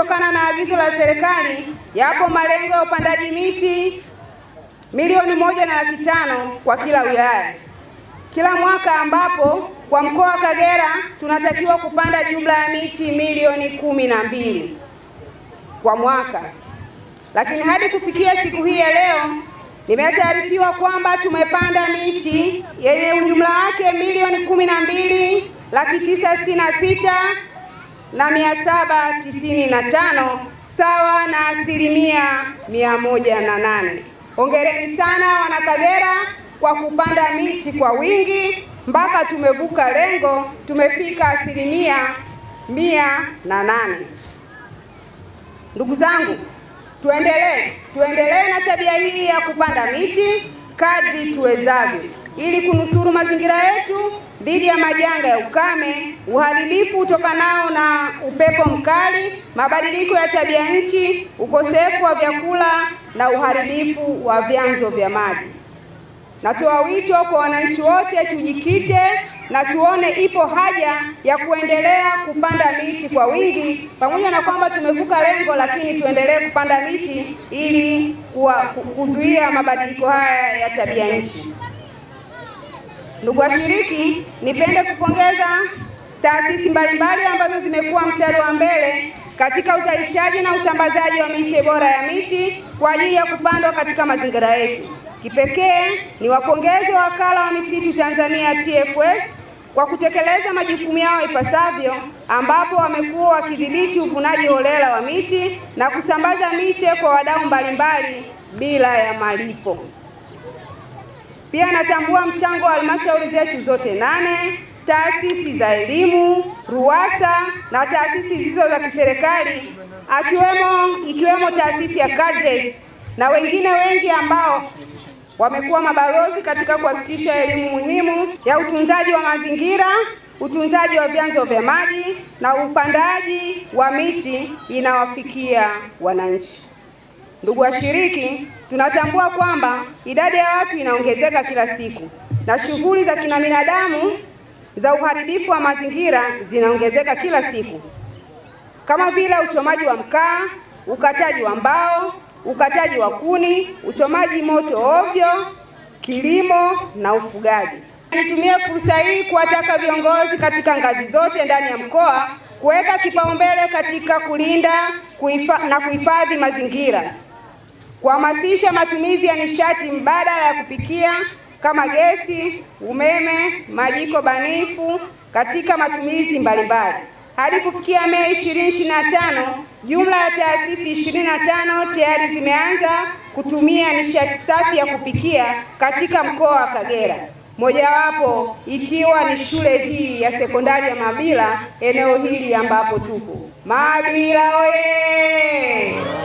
kutokana na agizo la serikali, yapo malengo ya upandaji miti milioni moja na laki tano kwa kila wilaya kila mwaka, ambapo kwa mkoa wa Kagera tunatakiwa kupanda jumla ya miti milioni kumi na mbili kwa mwaka. Lakini hadi kufikia siku hii ya leo nimetaarifiwa kwamba tumepanda miti yenye ujumla wake milioni kumi na mbili laki tisa sitini na sita na 795 sawa na asilimia nane. Hongereni sana wanakagera kwa kupanda miti kwa wingi mpaka tumevuka lengo, tumefika asilimia nane. Ndugu zangu, tuendelee tuendelee na tabia hii ya kupanda miti kadri tuwezavyo ili kunusuru mazingira yetu dhidi ya majanga ya ukame, uharibifu utokanao na upepo mkali, mabadiliko ya tabia nchi, ukosefu wa vyakula na uharibifu wa vyanzo vya maji. Natoa wito kwa wananchi wote tujikite na tuone ipo haja ya kuendelea kupanda miti kwa wingi. Pamoja na kwamba tumevuka lengo, lakini tuendelee kupanda miti ili kuzuia mabadiliko haya ya tabia nchi. Ndugu washiriki, nipende kupongeza taasisi mbalimbali ambazo zimekuwa mstari wa mbele katika uzalishaji na usambazaji wa miche bora ya miti kwa ajili ya kupandwa katika mazingira yetu. Kipekee ni wapongeze Wakala wa Misitu Tanzania TFS kwa kutekeleza majukumu yao ipasavyo, ambapo wamekuwa wakidhibiti uvunaji holela wa miti na kusambaza miche kwa wadau mbalimbali bila ya malipo. Pia anatambua mchango wa halmashauri zetu zote nane, taasisi za elimu, RUWASA na taasisi zizo za kiserikali akiwemo ikiwemo taasisi ya CADRES na wengine wengi ambao wamekuwa mabalozi katika kuhakikisha elimu muhimu ya utunzaji wa mazingira, utunzaji wa vyanzo vya maji na upandaji wa miti inawafikia wananchi. Ndugu washiriki, tunatambua kwamba idadi ya watu inaongezeka kila siku na shughuli za kinabinadamu za uharibifu wa mazingira zinaongezeka kila siku, kama vile uchomaji wa mkaa, ukataji wa mbao, ukataji wa kuni, uchomaji moto ovyo, kilimo na ufugaji. Nitumie fursa hii kuwataka viongozi katika ngazi zote ndani ya mkoa kuweka kipaumbele katika kulinda kuifa, na kuhifadhi mazingira kuhamasisha matumizi ya nishati mbadala ya kupikia kama gesi, umeme, majiko banifu katika matumizi mbalimbali. Hadi kufikia Mei 2025, jumla ya taasisi 25 tayari zimeanza kutumia nishati safi ya kupikia katika mkoa wa Kagera, mojawapo ikiwa ni shule hii ya sekondari ya Mabila, eneo hili ambapo tupo. Mabila oye!